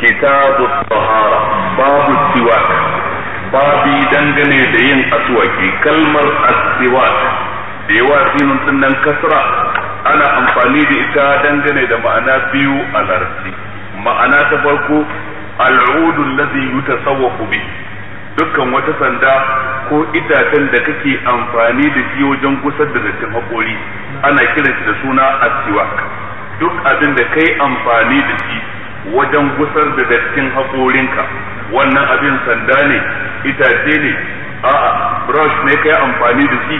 kitabu tahara babu siwak babu dangane da yin aswaki kalmar asiwak da yawa sinun dinnan kasra ana amfani da ita dangane da ma'ana biyu a larabci ma'ana ta farko al'udu allazi yutasawwaqu bi dukkan wata sanda ko itacen da kake amfani da shi wajen gusar da dattin hakori ana kiran da suna asiwak duk abin da kai amfani da shi wajen gusar da dattin haƙorinka wannan abin sanda ne itace ne a'a brush ne kai amfani da shi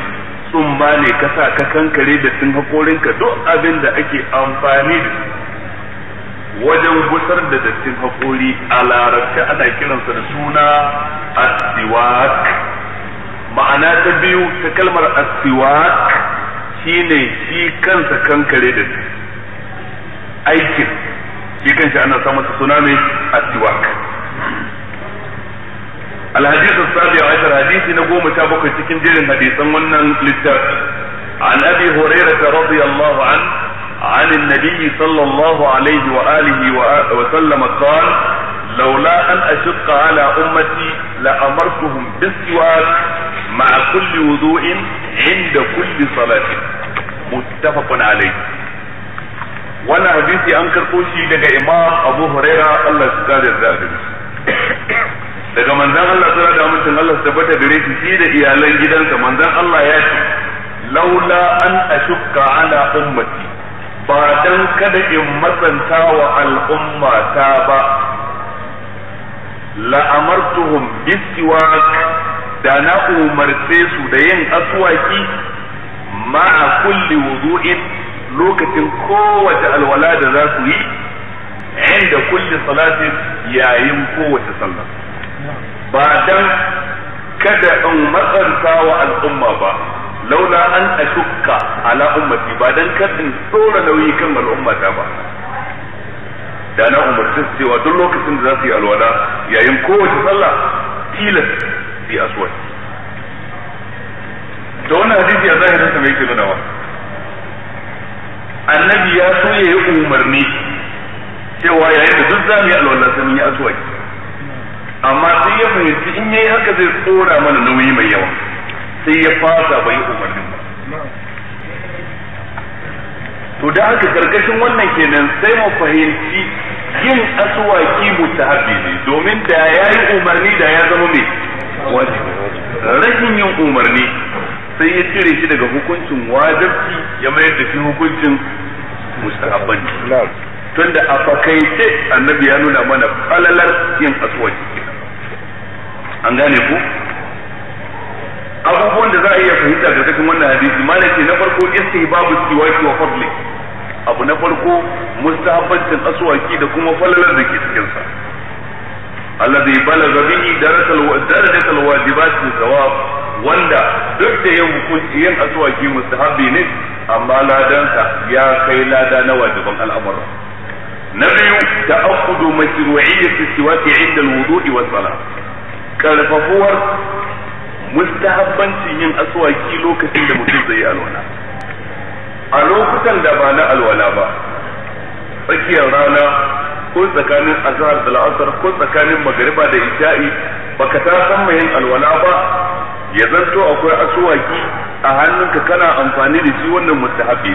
tsumma ne ka sa ka kankare dattin haƙorinka duk abin da ake amfani da shi wajen gusar da dattin haƙori a larabci ana kiransa da suna asiwak ma'ana ta biyu ta kalmar asiwak shine shi kansa kankare da aikin shi kanshi ana sa masa suna mai الحديث السابع عشر حديث نقوم تابك تكن جيرن حديثا من للتاب عن أبي هريرة رضي الله عنه عن النبي صلى الله عليه وآله وسلم قال لولا أن أشق على أمتي لأمرتهم بالسواك مع كل وضوء عند كل صلاة متفق عليه wannan hadisi an karɓo shi daga imam abu huraira allah su da daga manzan allah tsara da amincin allah su tabbata gare shi shi da iyalan gidansa manzan allah ya ce laula an ashukka ala ummati ba dan kada in matsanta wa al'umma ta ba la'amartuhum Bistiwak da na umarce su da yin aswaki ma'a kulli wudu'in lokacin kowace alwala da za su yi inda kulli salatin yayin kowace sallah ba dan kada in matsanta wa al'umma ba laula an ashukka ala ummati ba dan kada in tsora nauyi kan al'umma ta ba da na umarci cewa duk lokacin da za su yi alwala yayin kowace sallah tilas fi aswad da wani hadisi a zahirin sa mai ke nunawa annabi ya so ya yi umarni cewa yayin da duk zamu yi alwallan sai ya ya aswaki amma sai ya fahimci in yayi haka zai tsora mana nauyi mai yawa sai ya fasa bai umarnin ba to da haka karkashin wannan kenan sai mu fahimci yin aswaki mutahabbi ne domin da yayi umarni da ya zama mai wajibi rashin yin umarni sai ya cire shi daga hukuncin wajibci ya mayar da shi hukuncin mustahabban tunda a fakaice annabi ya nuna mana falalar yin aswaki an gane ku abubuwan da za a iya fahimta da cikin wannan hadisi ma ce na farko istihbabu siwaki wa fadli abu na farko mustahabbancin aswaki da kuma falalar da ke cikin sa alladhi balagha bihi darajatal wajibati fi thawab wanda duk da yin hukunci yin aswaki mustahabi ne amma ladansa ya kai lada na wajiban al'amura na biyu ta'aqqudu mashru'iyyati siwaki 'inda al-wudu'i was salah karfafuwar mustahabbancin yin aswaki lokacin da mutum zai yi alwala a lokutan da ba na alwala ba tsakiyar rana ko tsakanin azhar da la'asar ko tsakanin magariba da isha'i baka ta san mai yin alwala ba ya zanto akwai asuwaki a hannunka kana amfani da shi wannan mustahabi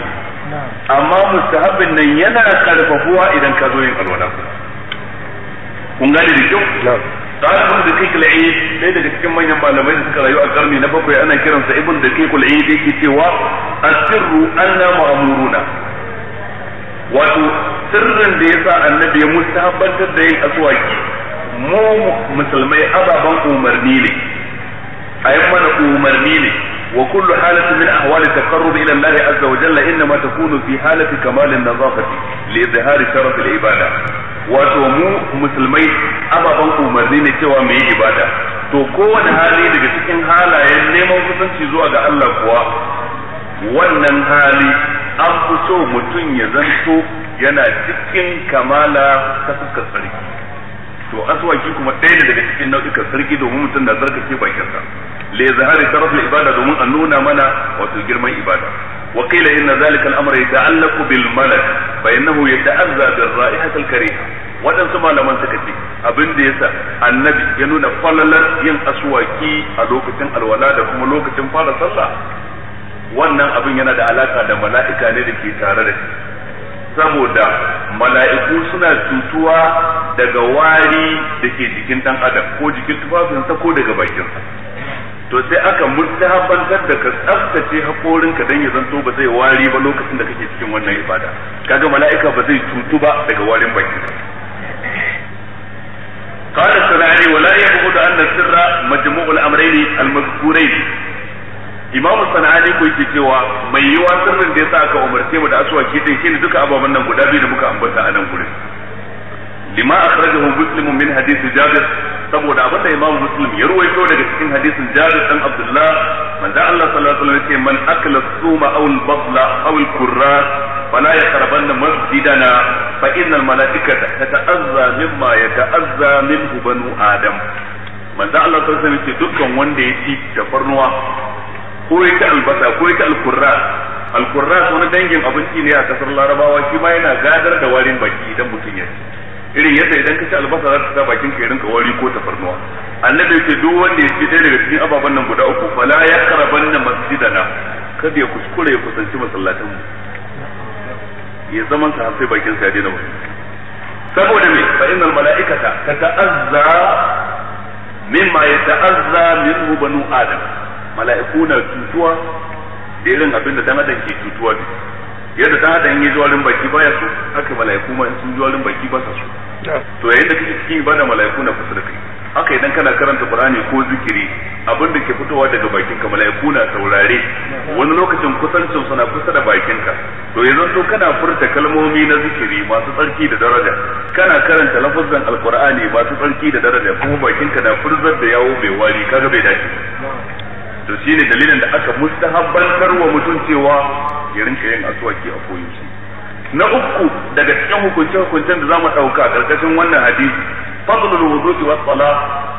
amma mustahabin nan yana karfafuwa idan ka zo yin alwala kun gane da kyau قال da kai kula'i sai daga cikin manyan malamai da suka rayu a karni na bakwai ana kiransa ibn kai kula'i da yake cewa asirru anna ma'amuruna wato sirrin da yasa annabi ya mustahabbantar da yin aswaki mu musulmai ababan umarni ne ayin mana umarni ne wa kullu halatin min ahwali taqarrub ila Allah azza wa jalla inma takunu fi halati kamalin nazafati li izhari sharaf al ibada wato mu musulmai ababan umarni ne cewa mu yi ibada to kowane hali daga cikin halayen neman kusanci zuwa ga Allah kuwa wannan hali an fi so mutum ya zanto yana cikin kamala ta fuskar to aswaki kuma ɗaya daga cikin nau'ikan sarki domin mutum na zarkace bakinsa li zahari sharaf al ibada domin an nuna mana wato girman ibada wa qila inna zalika al amra yata'allaqu bil malak fa innahu yata'azza bil ra'ihat al kariha waɗansu malaman suka ce abin da yasa annabi ya nuna falalar yin aswaki a lokacin alwala da kuma lokacin fara sallah wannan abin yana da alaka da mala'ika ne da ke tare da shi saboda mala'iku suna cutuwa daga wari da ke jikin dan adam ko jikin tufafinsa ko daga bakinsa to sai aka mustahabantar da ka tsaftace ka dan ya zanto ba zai wari ba lokacin da kake cikin wannan ibada kaga mala'ika ba zai cutu ba daga warin baki sunani wala ولا anna sirra majmu'ul مجموع al-mazkurayn imamu sunani ko yake cewa mai yiwa sirrin da yasa aka umarce mu da asuwa din shine duka ababen nan guda biyu da muka ambata a nan gurin lima akhrajahu muslimun min hadith jabir saboda abin da Imam Muslim ya ruwaito daga cikin hadisin Jabir dan Abdullah manzo Allah sallallahu alaihi wasallam man akala suma aw al-basla aw al-qurra fala yaqrabanna masjidana fa innal malaikata tata'azza mimma yata'azza minhu banu adam manzo Allah sallallahu alaihi wasallam dukkan wanda ya ci tafarnuwa ko ya albasa ko ya ci al-qurra al-qurra wani dangin abinci ne a kasar Larabawa shi ma yana gadar da warin baki idan mutum ya ci irin yadda idan ka ci albasa za ta sa bakin ka rinka wari ko tafarnuwa annabi yake duk wanda ya ci ɗaya daga cikin ababen nan guda uku fala ya karabanna masjidana kada ya kuskure ya kusanci masallatan mu ya zaman sa sai bakin sa ya daina wani saboda me fa innal mala'ikata tata'azza mimma yata'azza minhu banu adam mala'iku na tutuwa da irin abin da dan adam ke tutuwa da yadda dan adam ya yi warin baki baya so haka mala'iku ma in sun ji baki ba sa so to yayin da kake cikin ibada mala'iku na kusa da kai haka idan kana karanta qur'ani ko zikiri abin da ke fitowa daga bakin ka mala'iku na saurare wani lokacin kusancin suna kusa da bakin ka to yanzu to kana furta kalmomi na zikiri masu tsarki da daraja kana karanta lafazan alqur'ani masu tsarki da daraja kuma bakin ka na furzar da yawo bai wari kaga bai dace to shine dalilin da aka mustahabbantar wa mutum cewa ya rinka yin asuwaki a koyaushe na uku daga cikin hukunce hukuncen da zamu dauka karkashin wannan hadisi fadlul wudu'i was sala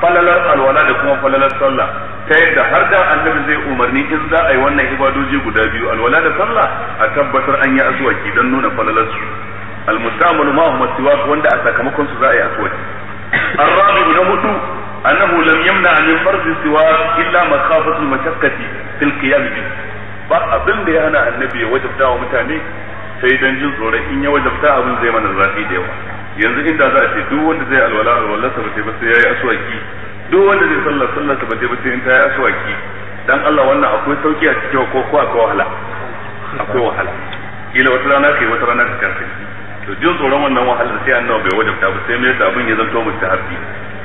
falalar alwala da kuma falalar sallah ta yadda har da annabi zai umarni in za a yi wannan ibadoji guda biyu alwala da sallah a tabbatar an yi aswaki don nuna falalar su almustamalu ma huma siwak wanda a sakamakon su za a yi aswaki الرابع na أنه لم يمنع من فرض السواك إلا illa المشقة في القيام به ba abin da ya hana annabi ya wajabta wa mutane sai dan jin tsoron in ya wajabta abin zai mana zafi da yawa yanzu inda za a ce duk wanda zai alwala alwala sa ba sai yayi aswaki duk wanda zai sallar sallar sa ba sai in ta yi aswaki dan Allah wannan akwai sauki a cikin ko ko akwai wahala akwai wahala kila wata rana kai wata rana ka karfi to jin tsoron wannan wahalar sai annabi bai wajabta ba sai mai da abin ya zanto mustahabi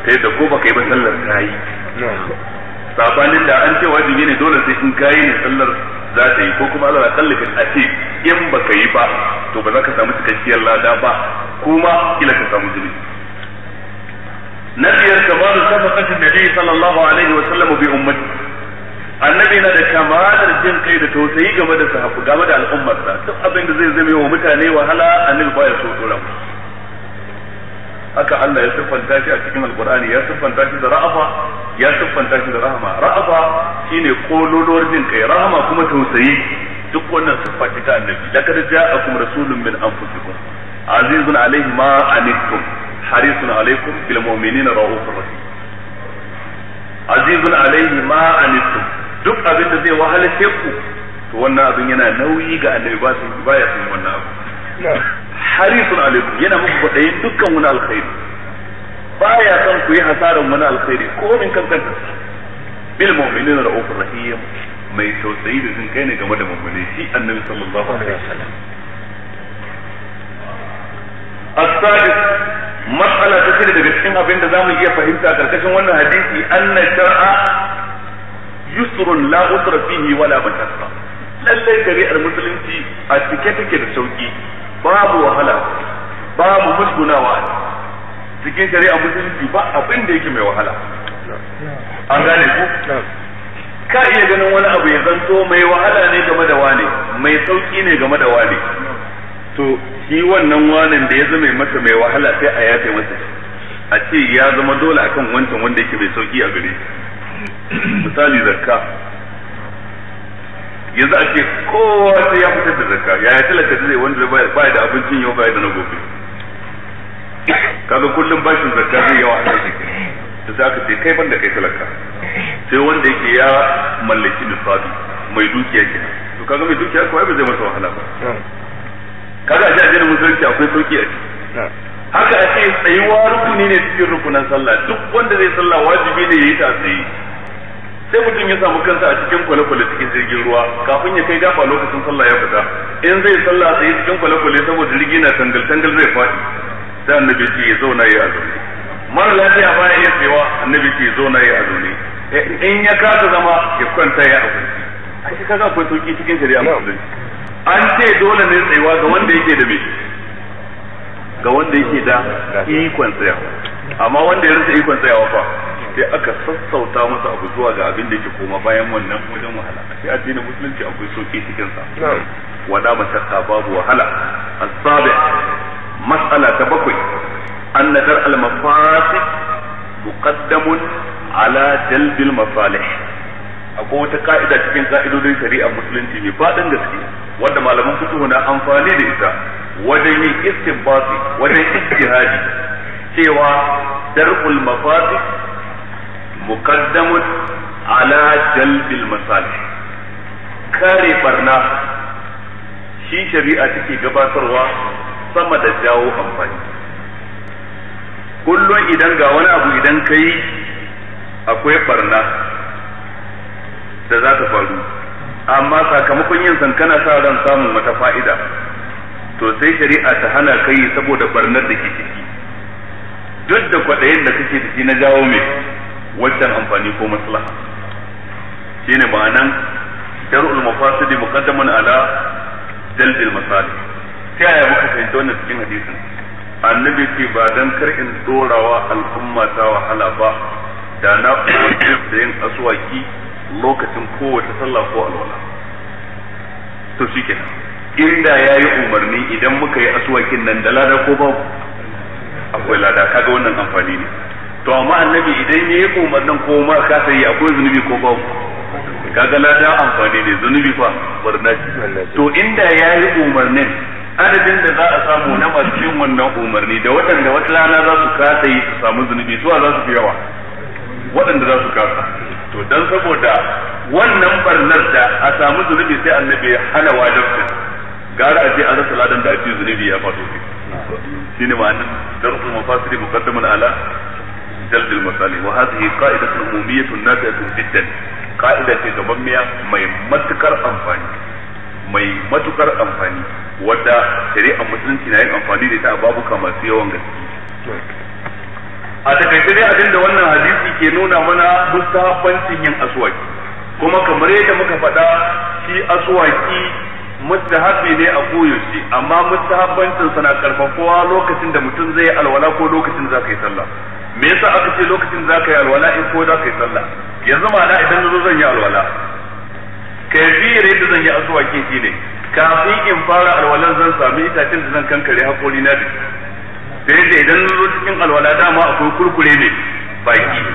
sai da ko baka yi ba sallar ta yi sabanin da an ce wajibi ne dole sai in kayi ne sallar za ta yi ko kuma Allah ya a ce. in baka yi ba to ba za ka samu cikakkiyar lada ba kuma kila ka samu jini. na biyar kamaru safaqatin nabi sallallahu alaihi wa sallam bi ummati annabi na da kamalar jin kai da tausayi game da sahabu game da al'ummarsa duk abin da zai zame wa mutane wahala annabi baya so dora haka Allah ya siffanta shi a cikin alqur'ani ya siffanta shi da ra'afa ya siffanta shi da rahama ra'afa shine kololuwar jin kai rahama kuma tausayi duk wannan siffa ce ta annabi laqad ja'akum rasulun min anfusikum azizun alayhi ma anittum harisun alaykum bil mu'minina raufur rahim azizun alayhi ma anittum duk abin da zai wahala ku to wannan abin yana nauyi ga annabi ba su baya sun wannan abu harisun alaykum yana muku kwadayin dukkan wani alkhairi baya san ku yi hasaran wani alkhairi ko min kankan bil mu'minina raufur rahim mai tausayi da jin kai ne game da mummune shi annabi sallallahu alaihi wasallam asali mas'ala ta ce daga cikin abin da zamu iya fahimta a karkashin wannan hadisi anna shar'a yusrun la usra fihi wala batasa lallai shari'ar musulunci a cike take da sauki babu wahala babu musgunawa cikin shari'ar musulunci ba abin da yake mai wahala an gane ku ka iya ganin wani abu ya zanto mai wahala ne game da wane mai sauki ne game da wane to shi wannan wanan da ya zama masa mai wahala sai a yafe masa a ce ya zama dole akan wancan wanda yake mai sauki a gare misali zakka yanzu a ce kowa sai ya fitar da zakka yaya talaka zai wanda ba da abincin yau bai da na gobe kaga kullum bashin zakka zai yawa a kan da za ka ce kai ban da kai talaka sai wanda yake ya mallaki nisabi mai dukiya ke to kaga mai dukiya ko ba zai masa wahala ba kaga a jajjana musulunci akwai sauki a ciki haka a ce tsayuwa rukuni ne cikin rukunan sallah duk wanda zai sallah wajibi ne ya yi ta tsaye sai mutum ya samu kansa a cikin kwale-kwale cikin jirgin ruwa kafin ya kai gafa lokacin sallah ya fita in zai sallah a tsaye cikin kwale-kwale saboda jirgi na tangal-tangal zai faɗi sai annabi ya zauna ya azumi mara lafiya ba ya iya cewa annabi ke zo na yi a zaune eh, in ya kasa zama ya kwanta ya abinci ai shi kaga akwai sauki cikin shari'a musulunci an ce dole ne tsayuwa ga wanda yake da me ga wanda yake da ikon tsayawa amma wanda ya rasa ikon tsayawa fa sai aka sassauta masa abu zuwa ga abin da ke koma bayan wannan wajen wahala sai addinin musulunci akwai sauki cikin sa wada ka babu wahala asabi mas'ala ta bakwai أن درء المفاسد مقدم على جلب المصالح akwai wata ka'ida cikin ka'idodin shari'a musulunci mai faɗin gaske wanda malaman fituhu na amfani da ita wajen yin istinbati wajen ijtihadi cewa dar'ul mafasi muqaddamun ala jalbil masalih kare barna shi shari'a take gabatarwa sama da jawo amfani kullum idan ga wani abu idan ka akwai barna da za ta faru amma sakamakon yin san kana sa ran samun wata fa'ida to sai shari'a ta hana kai saboda barnar da ke ciki duk da kwaɗayin da kake da shi na jawo mai wancan amfani ko maslaha shine ma'anan shar'ul mafasidi muqaddaman ala jalbil masalih sai ya muka fahimta wannan cikin hadisin annabi ce ba dan kar in dorawa al'umma ta wahala ba da na kuma da yin aswaki lokacin kowace sallah ko alwala to shikenan inda ya yi umarni idan muka yi aswakin nan da lada ko ba akwai lada kaga wannan amfani ne to amma annabi idan ya yi umarnin ko ma ka sai akwai zunubi ko ba kaga lada amfani ne zunubi fa barna to inda ya yi umarnin adadin da za a samu na masu yin wannan umarni da waɗanda wata rana za su kasa yi su samu zunubi zuwa za su fi yawa waɗanda za su kasa to dan saboda wannan barnar da a samu zunubi sai annabi ya hana wajibin gara a je an rasa ladan da a zunubi ya faɗo shi ne ma'anin darsul mafasiri muqaddaman ala جلد المصالح وهذه قاعدة عمومية نافعة جدا قاعدة تضمية mai matukar amfani mai matukar amfani. wadda shari'ar musulunci na yin amfani da ita a babuka masu yawan gaske a takaice dai abinda wannan hadisi ke nuna mana mustahabbancin yin aswaki kuma kamar yadda muka faɗa shi aswaki mustahabi ne a koyaushe amma mustahabbancin sa na karfafuwa lokacin da mutum zai alwala ko lokacin za ka yi sallah me yasa aka ce lokacin za ka yi alwala in ko za ka yi sallah yanzu ma'ana idan na zo zan yi alwala kaifiyar yadda zan yi aswaki ne. kafin in fara alwalan zan sami itacen da zan kankare hakori na da da idan zo cikin alwala dama akwai kurkure ne baki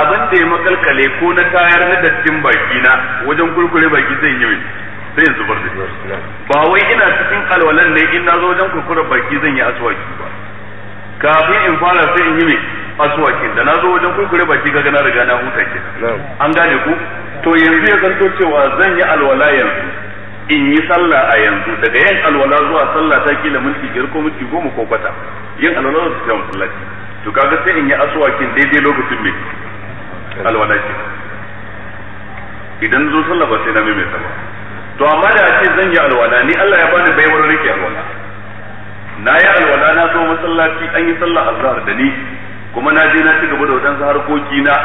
abin da ya makalkale ko na tayar na dattin baki na wajen kurkure baki zai yi sai zubar da ba wai ina cikin alwalan ne in na zo wajen kurkure baki zan yi aswaki ba kafin in fara sai in yi mai aswakin da na zo wajen kurkure baki ga na riga na huta ke an gane ku to yanzu ya zanto cewa zan yi alwala yanzu in yi sallah a yanzu daga yin alwala zuwa sallah ta kila minti biyar ko minti goma ko kwata yin alwala zuwa ta masallaci to kaga sai in yi aswakin daidai lokacin mai alwala ke idan zo sallah ba sai na mai ba to amma da ce zan yi alwala ni Allah ya bani baiwar rike alwala na yi alwala na zo masallaci an yi sallah azhar da ni kuma na je na ci gaba da wadansu harkoki na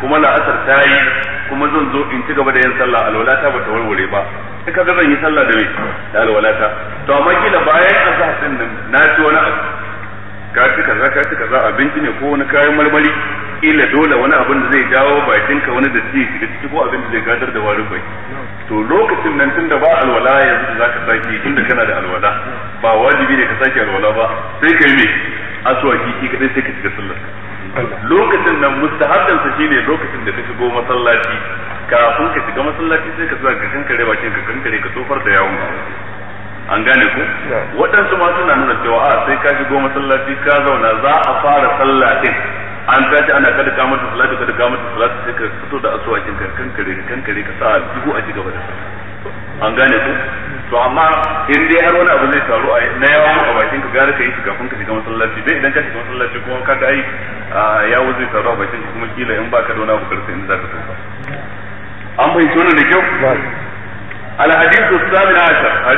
kuma la'asar ta yi kuma zan zo in ci gaba da yin sallah alwala ta bata warware ba sai kaga zan yi sallah da mai da alwalata to amma kila bayan azhar din nan na ci wani abu ka ci kaza ka ci kaza abinci ne ko wani kayan marmari kila dole wani abin da zai jawo bakinka wani da ci shiga ciki ko abin da zai gadar da wari bai to lokacin nan tun da ba alwala yanzu za ka sake tun da kana da alwala ba wajibi ne ka sake alwala ba sai ka yi me aswaki kiki kadai sai ka shiga sallar lokacin nan mustahabban sa shine lokacin da ka shigo masallaci kafin ka shiga masallaci sai ka zuwa ka kankare bakin ka kankare ka tofar da yawon an gane ku waɗansu ma suna nuna cewa a sai ka shigo masallaci ka zauna za a fara sallah an tashi ana kada ka mata salatu kada ka mata salatu sai ka fito da asuwakin ka kankare ka kankare ka sa dubu a cigaba da an gane ku to amma in dai har wani abu zai taru a na yawo a bakin ka gara ka yi kun ka shiga masallaci dai idan ka shiga masallaci kuma ka ga ai yawo zai taru a bakin ka kuma kila in baka da wani abu karfe in za ka tofa an bai tona da kyau al hadithu a ashar